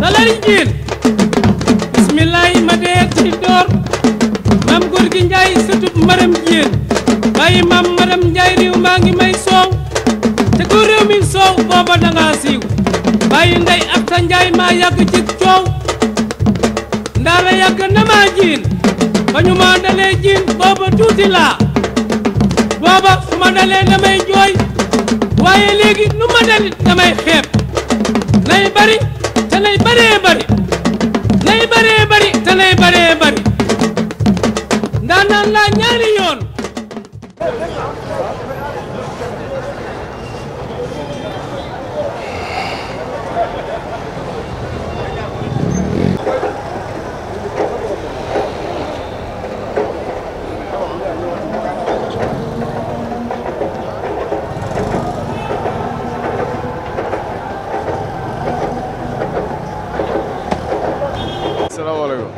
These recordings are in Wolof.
dalal njiin bismillaay ma dee ci door maam góor gi njaay sëtub maram jiin bàyyi maam maram njaay riw maa ngi may soow te ko réew mi soow booba danga siiw bàyyi ndey ak sa njaay maa yàgg ci coow ndaara yàgg na maa jiin ba dalee jiin booba tuuti booba ma dalee damay jooy waaye léegi nu ma dalit damay xeeb nay bari lay bëree bëri lay bëree bëri te lay bëree bëri ndaanaan laa ñaari yoon legal.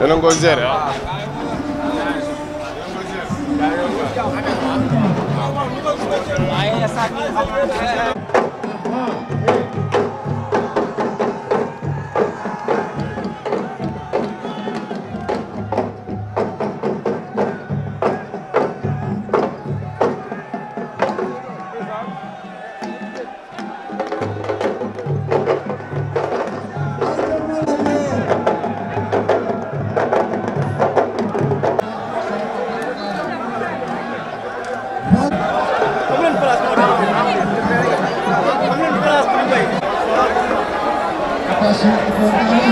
Eu não gosto de zero. 来 Certo,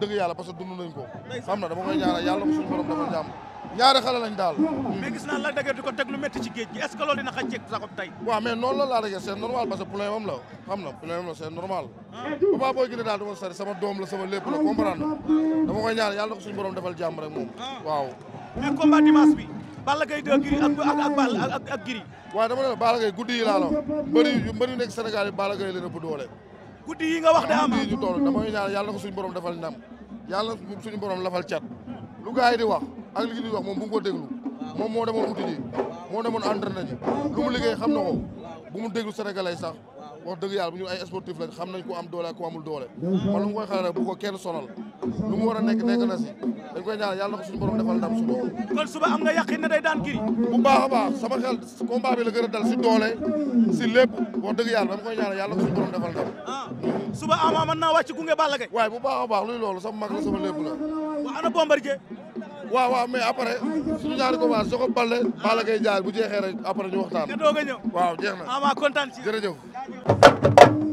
dëgg yàlla parce que dund nañ ko xam na dama koy ñaanal yàlla ko suñu borom dafa jàmm ñaari xale lañ daal mais gis naa la dëgg di ko teg lu métti ci géej gi est loolu dina xaj ci saxob tey waaw mais noonu la laa dëgg c'est normal parce que problème am la xam na problème am la c'est normal Papa Boy Djiné daal du ma sama doom la sama lépp la comprendre na dama koy ñaanal yàlla ko suñu borom defal jàmm rek moom guddi yi laa la mbëri nekk Sénégal yi Balla Gaye yàlla suñu borom lafal cat lu gars yi di wax ak li ñuy wax moom bu mu ko déglu moom moo demoon uti ji moo demoon entraîné ji lu mu liggéey xam na ko bu mu déglu sénégalais sax wax dëgg yàlla bu ñu ay sportif lañ xam nañ ku am doole ak ku amul doole man lu ma koy xale rek bu ko kenn sonal lu mu war a nekk nekk na si dañ koy ñaan yàlla na ko suñu borom defal ndam suba. kon suba am nga yàqin ne day a baax sama la a dal si doole si lépp dëgg yàlla dama koy ñaan yàlla na ko suñu borom defal ndam. Ah, suba ama mën naa wàcc gunge Balla Gaye. waaye bu baax a baax luy loolu sama mag la sama lépp la. waaw ana Bombardier. waaw waaw mais après suñu ñaari combat soo ko balle Balla Gaye jaar bu jeexee rek après ñu waxtaan. nga doog a waaw jeex na. ama kontaan si jërëjëf.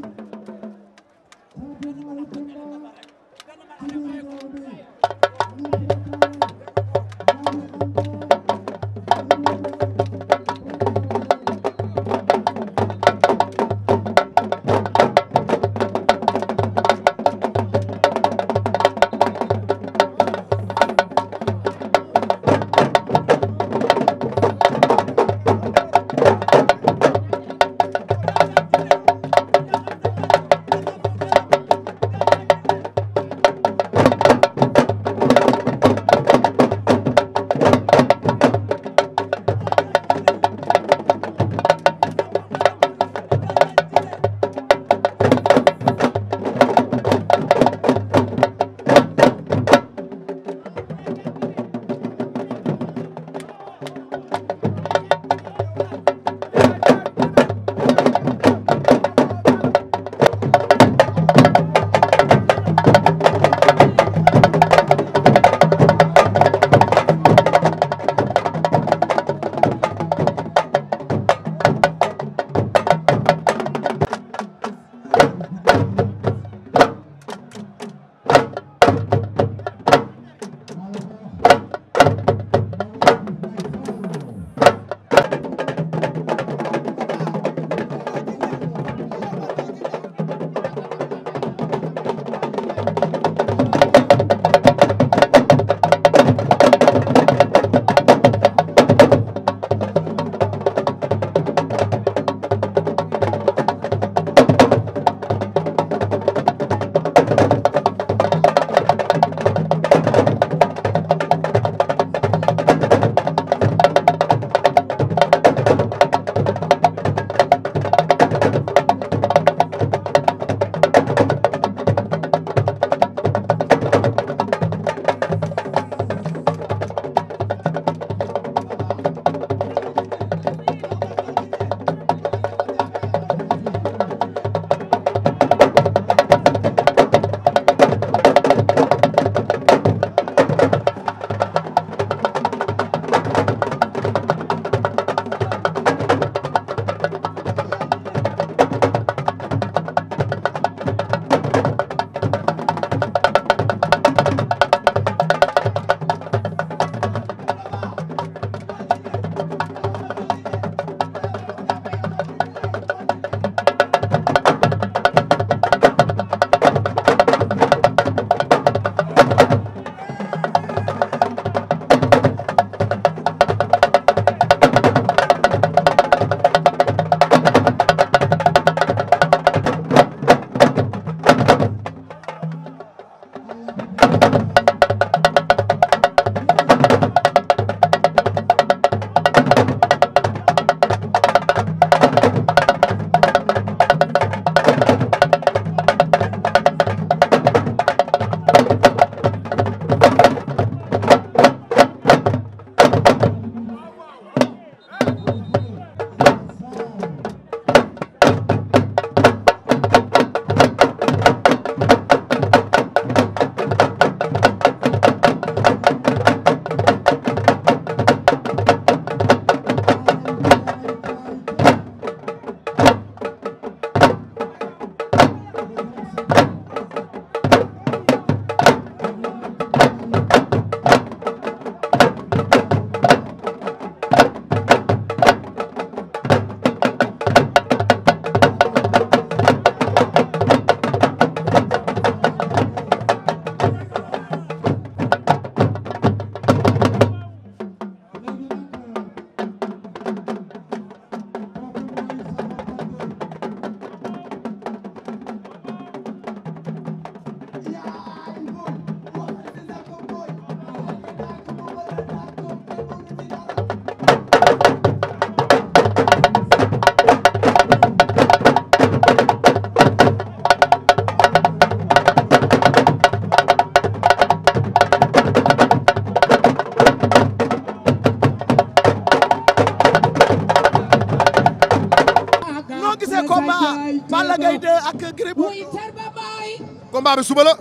bi suba la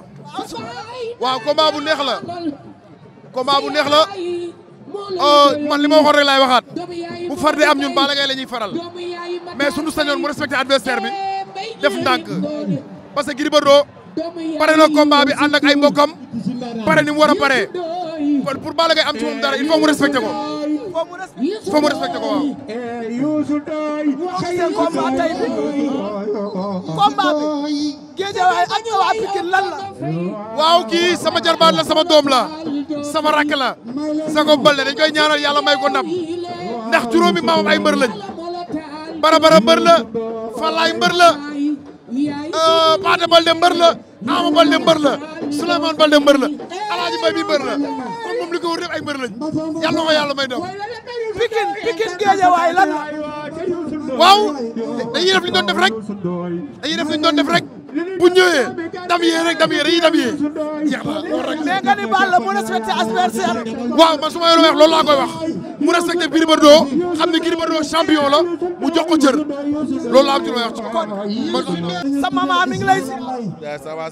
waaw ko bu neex la combat bu neex la euh, man li ma waxoon rek waxaat bu far di am ñun Balla Gaye la ñuy faral mais suñu sañoon mu respecté adversaire bi def ndànk parce que Gris Bordeaux pare na combat bi ànd ak ay mbokkam pare ni mu war a paree kon pour Balla Gaye am ci moom dara il faut mu respecté ko il faut mu respecté ko waaw. combat tey teewaay la. waaw kii sama jarbaat la sama doom la sama rakk la Sago Baldé dañ koy ñaanal yàlla may ko ndam ndax juróomi maamam ay mbër lañ Barabara mbër la Fallaye mbër la euh, Paate Baldé mbër la Ama Baldé mbër la Souleymane Baldé mbër la Alaaji Mbay bi mbër la kon moom li ko wër ay mbër lañ yàlla ko yàlla may ndam. Pikine Pikine Guédiawaye lan la. waaw dañuy def li doon def rek bu ñëwee dam yee rek dam yee dañuy dam rek. mais nga ni Balla mu respecté waaw ma yoroo wax loolu laa koy wax mu ne Gris Bordeaux champion la mu jox ko cër loolu laa am ci looy mi ngi lay si. ça va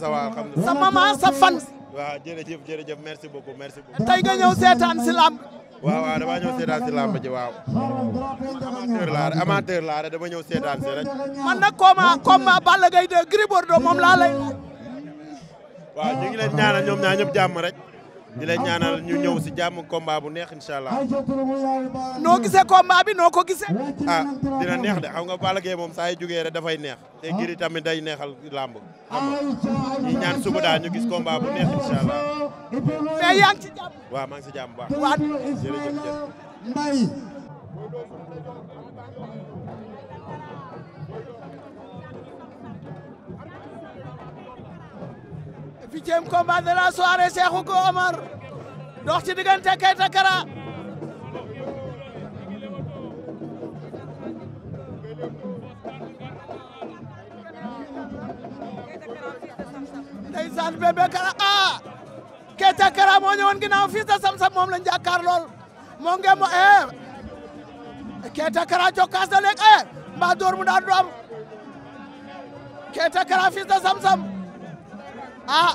sa fan. waaw jërëjëf jërëjëf merci beaucoup ñëw seetaan si lamb. waaw waaw damaa ñëw seetaan si làmb ji waaw. amateur laa rek amateur laa rek dama ñëw seetaan si rek. man nag combat combat Balla Gaye de Gris Bordeaux moom laa lay. waaw ñu ngi leen ñaanal ñoom ñaar ñëpp jàmm rek. di leen ñaanal ñu ñëw si jàmm combat bu neex incha boo gisee combat bi noo ko gisee. ah dina neex de xam nga Balla moom saa yu jugee dafay neex te ngir ah. tamit day neexal làmb xam nga ah, ñu ñaan suba daal gis combat bu neex incha allah. mais ci jàmm. waaw maa ci jàmm baax. waaw jërëjëf jërëjëf. huitième combat de ndeysaan bébé kara ah Keita Kara moo ñëwoon ginnaaw fils de Sam Sam moom lañu jàkkaar lool moo nge mo eh Keita Kara jokkaas na léegi eh mbaa dóor mu daan du am Keita Kara fils Sam Sam ah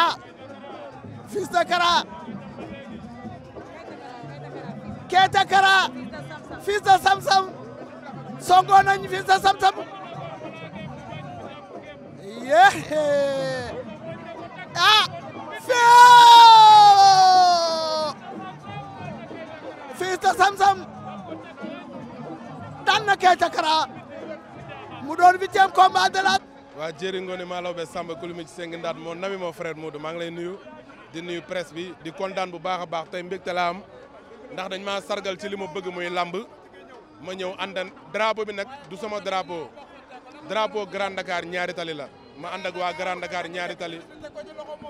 ah fils de Kara Keita Kara Sam Sam songoon nañu fils Sam Sam Yeah. Ah. Fista Samsam. Dan na Keita Kara. Mu doon huitième combat de la. waa jëri ngoone Maalawbe Samba Koulibaly ci Sengi Ndaat moo nami moo frère Modou maa lay nuyu di nuyu presse bi di kontaan bu baax a baax tey mbégte laa am ndax dañ maa sargal ci li ma bëgg muy lamb ma ñëw àndan drapeau bi nag du sama drapeau drapeau Grand Dakar ñaari tali la ma andak wa Grand Dakar ñaari tali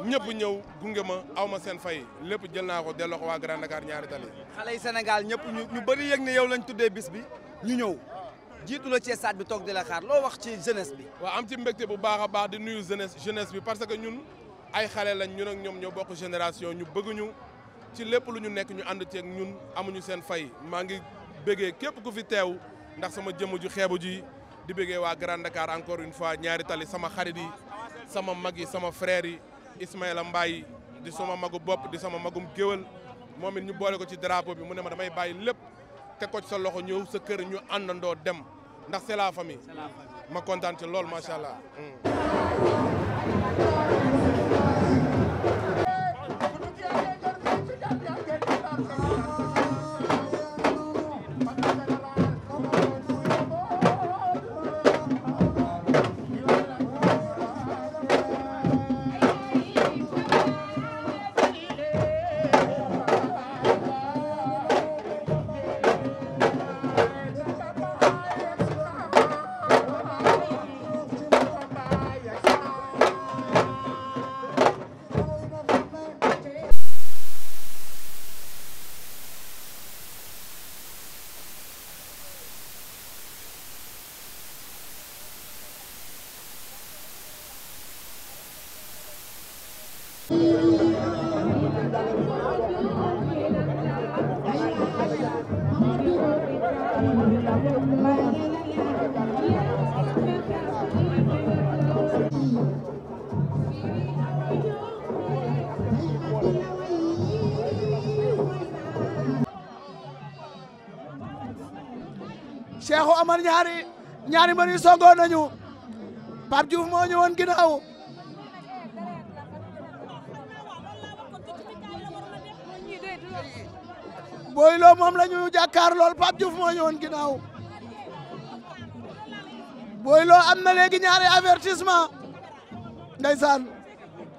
ñepp ñew gungema awma aw seen fay lepp jël naa ko delloo ko waa Grand Dakar ñaari tali. xalé yi Sénégal ñëpp ñu ñu bëri yëg ne yow lañ tuddé bis bi ñu ñew jitu la ci stade bi tok di la xaar lo wax ci jeunesse bi. wa am ci mbégte bu baaxa baax di nuyu jeunesse jeunesse bi parce que ñun ay xalé lañ ñun ak ñom ñoo bokk génération ñu bëgg ñu ci lepp lu ñu nekk ñu ci ak ñun amuñu seen fay ma ngi bëggee képp ku fi téw ndax sama jëmm ju ji. di bëggee waa grande Dakar encore une fois ñaari tali sama xarit yi sama mag yi sama frère yi Ismaïla Mbaye di sama magu bopp di sama magum géwal moom it ñu boole ko ci drapeau bi mu ne ma damay bàyyi lépp teg ko ci sa loxo ñëw sa kër ñu àndandoo dem ndax c'est la famille ma kontaan ci lool macha allah. Mm. Cheikhou Amar ñaari ñaari mbër yi songoo nañu Pape Diouf moo ñëwoon ginnaaw Boy Lo moom la ñu jàkkaar lool Pape Diouf moo ñëwoon ginnaaw Boy Lo am na léegi ñaari avertissement ndeysaan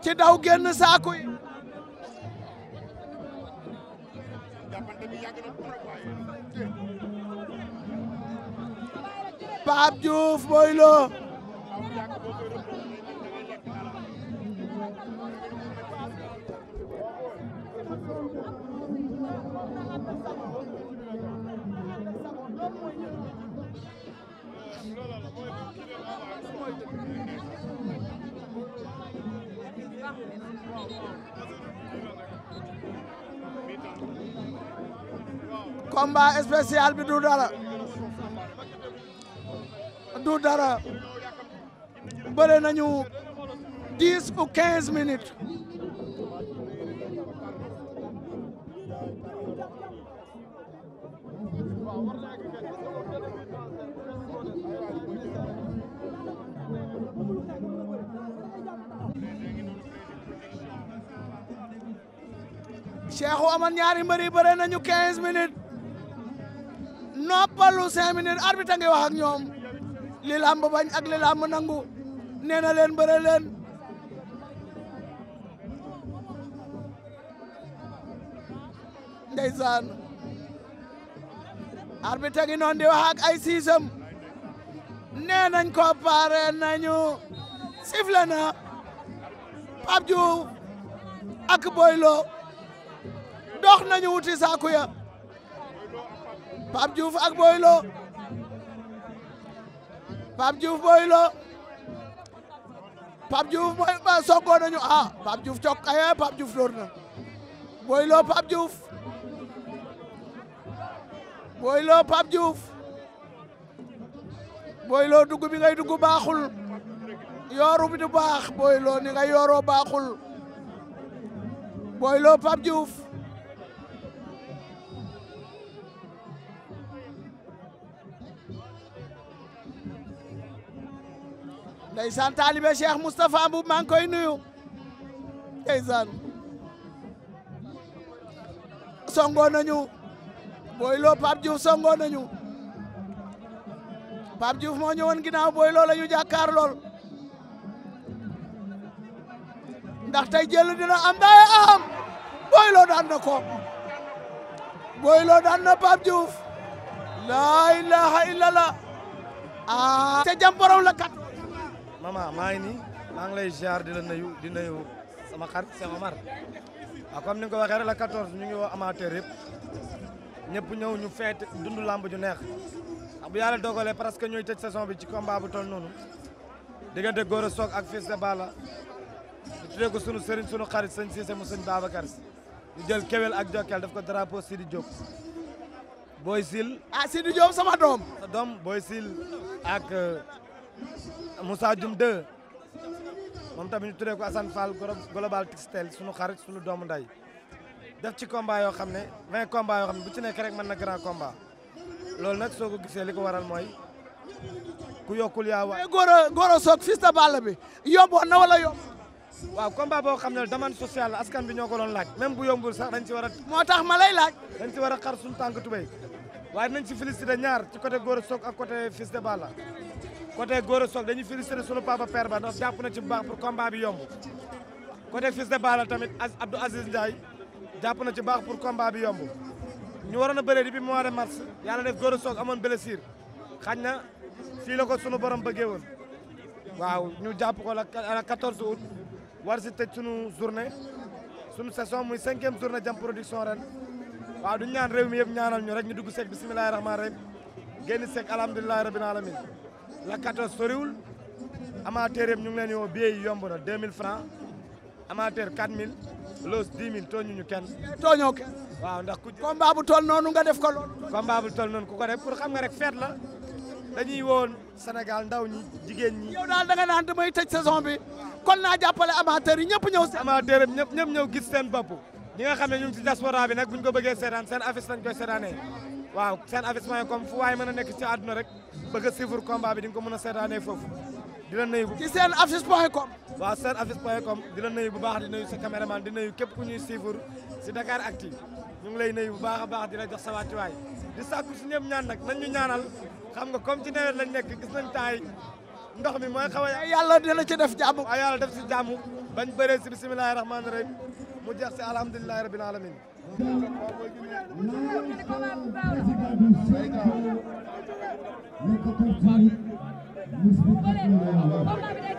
ci daw génn saaku yi Pape Diouf Lo combat spécial bi du dara du dara bëre nañu dix ou quinze minutes Cheikh Oumar ñaari mbër yi bëre nañu 15 minutes noppalu 5 minutes arbitre ngi ñoom li bañ ak li nangu nee na leen bëre leen ndeysaan noon di wax ay siisam nee nañ ko pare na Pape Diouf ak Boy Lo dox nañu wuti saaku ya Pape Diouf ak Boylo Pape Diouf Boylo Pape Diouf mooy ba soggoo nañu ah Pape Diouf cok ay Pape Diouf door na Boylo Pape Diouf Boylo Pape Diouf Boylo bi ngay dugg baaxul yooru bi du baax Boylo ni nga yooroo baaxul Boylo Pape Diouf ndeysaan taalibe Cheikh Moustapha Mboup maa koy nuyu ndeysaan songoon nañu booy loo Pape Diouf songoon nañu Pape moo ñëwoon ginnaaw booy loo la ñu jàkkaar lool ndax tey jël dina am daye am booy loo ko booy loo daan na laa ilaha illallah ah te jam la kat mama maa ngi nii maa ngi lay ziar di la nuyu di nuyu sama xarit Cheikh Omar waaw comme ni nga ko waxee la 14 ñu ngi woo amateur yëpp ñëpp ñëw ñu feet dund lamb ju neex bu yàlla dogalee parce que ñooy tëj saison bi ci combat bu toll noonu diggante a soog ak Fils de Balla ñu tuddee ko sunu sëriñ sunu xarit sëñ Cissé mu sëñ Babacar ñu jël kewel ak jokkel daf ko drapeau Sidi Diop Boy Sil ah Sidi Diop sama doom sa doom Boy Sil ak euh, Moussa Dioum 2 mom tamit ñu tuddee ko Assane Fall global textile suñu xarit suñu doomu nday def ci combat yo xamné 20 combat yo xamné bu ci nek rek man na grand combat lool nak soko ko liko waral moy ku yokul ya wa goro goro sok fista ball bi yomboon na wala yomb wa combat bo xam ne demande sociale askan bi ñoko don laaj même bu yombul sax dañ ci wara motax ma lay laaj dañ ci wara xar suñu tank tubey waaye nañ ci félicité ñaar ci côté goro sok ak côté fils de Balla côté Gora Sock dañuy féliciter sunu papa père ba ndax jàpp na ci bu baax pour combat bi yomb côté fils de tamit Abdou Aziz Ndiaye jàpp na ci baax pour combat bi yomb ñu waroon a bëree depuis mois de mars yàlla def Gora Sock amoon blessure xañ na fii la ko sunu borom bëggee waaw ñu jàpp ko la 14 août war si tëj sunu journée sunu saison muy cinquième journée jam production ren waaw du ñaan réew mi yëpp ñaanal ñu rek ñu dugg seeg bisimilahi rahmaani rahim génn seeg alhamdulilahi rabbil la 14 soriwul amateur yëpp ñu ngi leen yoo billet yi yomb na 2000 francs amateur 4000 loos 10 000 tooñu ñu kenn. tooñoo kenn. waaw ndax ku. combat bu toll noonu nga def ko loolu. combat bu toll noonu ku ko def pour xam nga rek feet la dañuy woon Sénégal ndaw ñi jigéen ñi. yow daal da nga naan damay tëj saison bi kon naa jàppale amateur yi ñëpp ñëw. amateur yi ñëpp seen bopp ñi xam ne ñu ngi ci diaspora bi nag bu ñu ko bëggee seetaan seen affiche lañ koy seetaanee. waaw seen avis comme fu waay mën a nekk ci àdduna rek bëgg a suivre combat bi di ko mën a seetaanee foofu di la nuyu. ci seen affiche point com. waaw seen affiche point com di la nuyu bu baax a baax di la jox sa wàccuwaay di sàkku si ñëpp ñaan nag nañ ñu ñaanal xam nga comme ci nawet lañ nekk gis nañ taay ndox mi mooy xaw a. yàlla dina def jàmm. waaw yàlla def si jàmm bañ bëree si bisimilahi rahmaani rahim mu jeex si alhamdulilahi rabil alamin Não, não, não, não,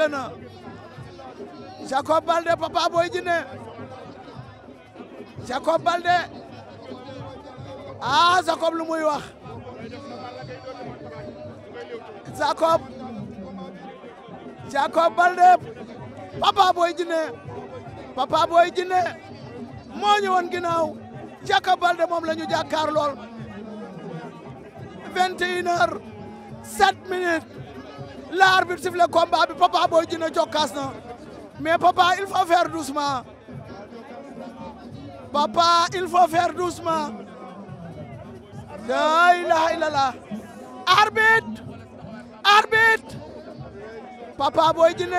sifflé na Jacob Baldé Papa ji Djiné Jacob Baldé ah Jacob lu muy wax Jacob Jacob Baldé Papa Boy Djiné Papa Boy Djiné moo ñëwoon ginnaaw Jacob Baldé moom la ñu jàkkaar lool vingt et une heures l'arbitre le combat de Papa Boy Djiné jokkaas mais papa il faut faire doucement papa il faut faire doucement la ilaha illallah arbitre arbitre Papa Boy Jacob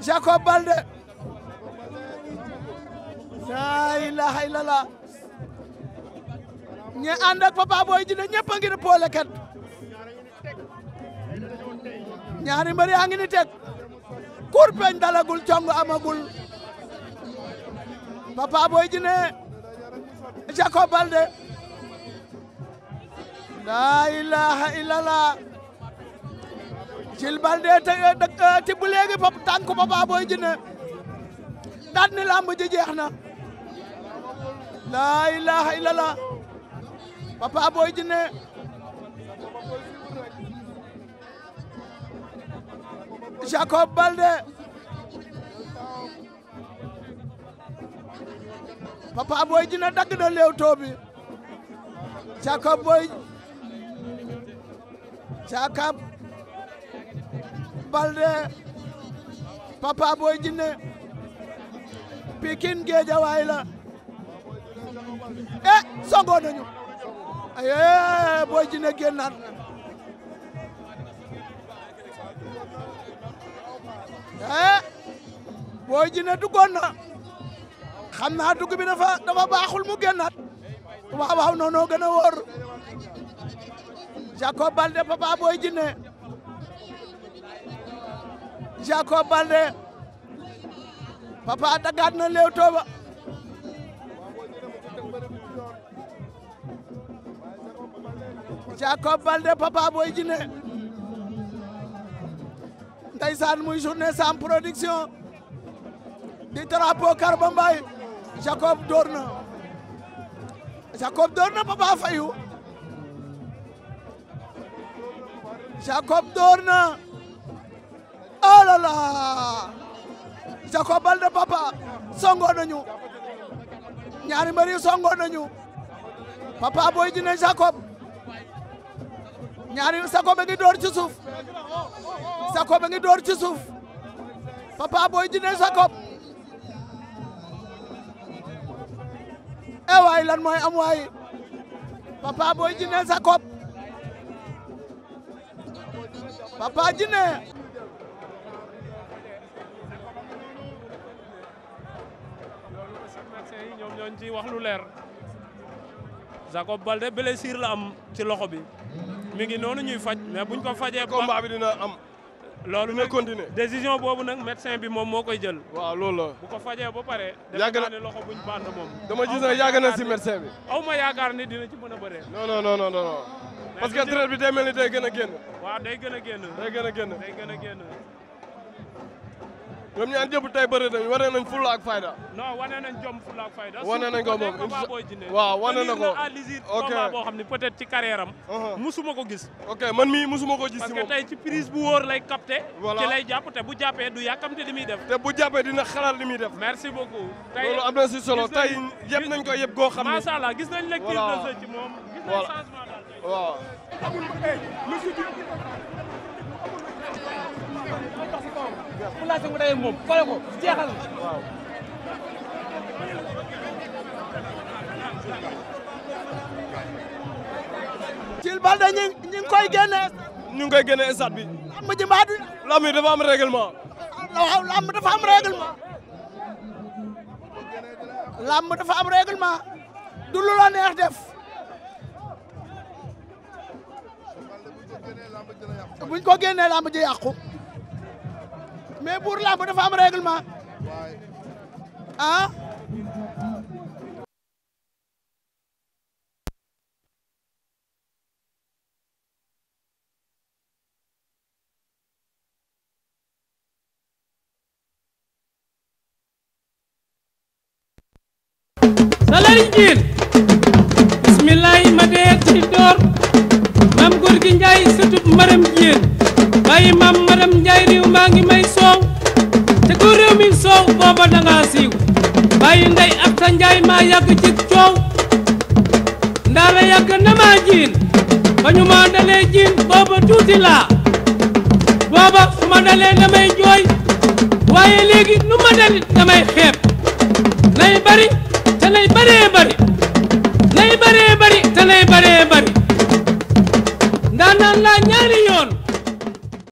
Jacob Balde... la ilaha illallah a pas Papa Boy Djiné n'y a ngi di poole ñaari mbër yaa ngi ni teg kurpeñ dalagul cong amagul Papa Boy Djiné Jacob Baldé laa ilaha illallah Jil Baldé te tibb léegi pop tànku Papa Boy Djiné ni làmb jeex na laa ilaha illallah Papa Boy Djiné Jacob Baldé Papa Boy Djiné dagg na léewtoo bi Jacob Boy Jacob Baldé Papa Boy Djiné Pikine Guédiawaye la e songo nañu aye Boy Djiné ah booy jinne duggoon na xam naa dugg bi dafa dafa baaxul mu génnaat waaw waaw noonu gën Jacob Balde papa booy jinne Jacob Balde papa dagaat na léew Jacob Balde papa booy jinne ndeysaan muy journée sans production di drapeau Karba Mbaye Jacob door na Jacob door na Papa Fayu Jacob door na oh là là Jacob Baldé Papa songo nañu ñaari mbër yi songo Papa Boy Djiné Jacob ñaari Sako ba ngi door ci suuf ngi door ci suuf Papa Boy Djiné Sako eh lan mooy am waay Papa Boy Djiné Sako Papa Djiné ñoom ñooñ ci wax lu leer Jacob Baldé blessure la am ci loxo bi Mingi ngi ñuy faj mais buñ ko fajee. combat bi dina am. lolu pas continuer décision bobu nak médecin bi mom mokoy jël. waaw pas la bu ko fajee ba paré yàgg na ni loxo buñ band mom dama gis ne yag na ci médecin bi. awma ma ni dina ci n'y a non non non non non. parce que traite bi day mel day gën a waaw day gën a gën a gën ñoom ñaan jëpp tey bëri nañ wane nañ fulla ak fayda non wane nañ jom fulla ak fayda wane nañ ko moom waaw wane na ko ok boo xam ne peut-être ci carrière am uh-huh. ma ko gis ok man mii musuma ko gis si moom parce ci prise bu woor lay capté voilà ci jàpp te bu jàppee du yàkkamte li muy def te bu jàppee dina xalaat li muy def merci beaucoup tey loolu am na si yëpp ko yëpp goo ne macha gis nañ lecture de moom gis nañ changement bu laajte mu dayee koy génne ñu ngi koy génne stade bi lamb ji mbaa du lamb yi dafa am règlement waaw lamb dafa am règlement lamb dafa am règlement neex def buñ ko génnee lamb ji yàqu mais buur làmb dafa am règlement ah. salari jiin bismillahi ma dee ci door maam góor gi njaay sëtut maram jiin bàyyi maam madam Njaay riw maa ngi may soow te ku mi soow booba danga siiw bàyyi ndey ak sa Njaay maa yàgg ci coow ndaa la yàgg na maa jiin ba ñu dalee jiin booba tuuti booba su ma dalee damay jooy waaye léegi nu ma dalit damay xeeb nay bari te nay baree bari nay baree bari te nay baree bari ndaa naan laa ñaari yoon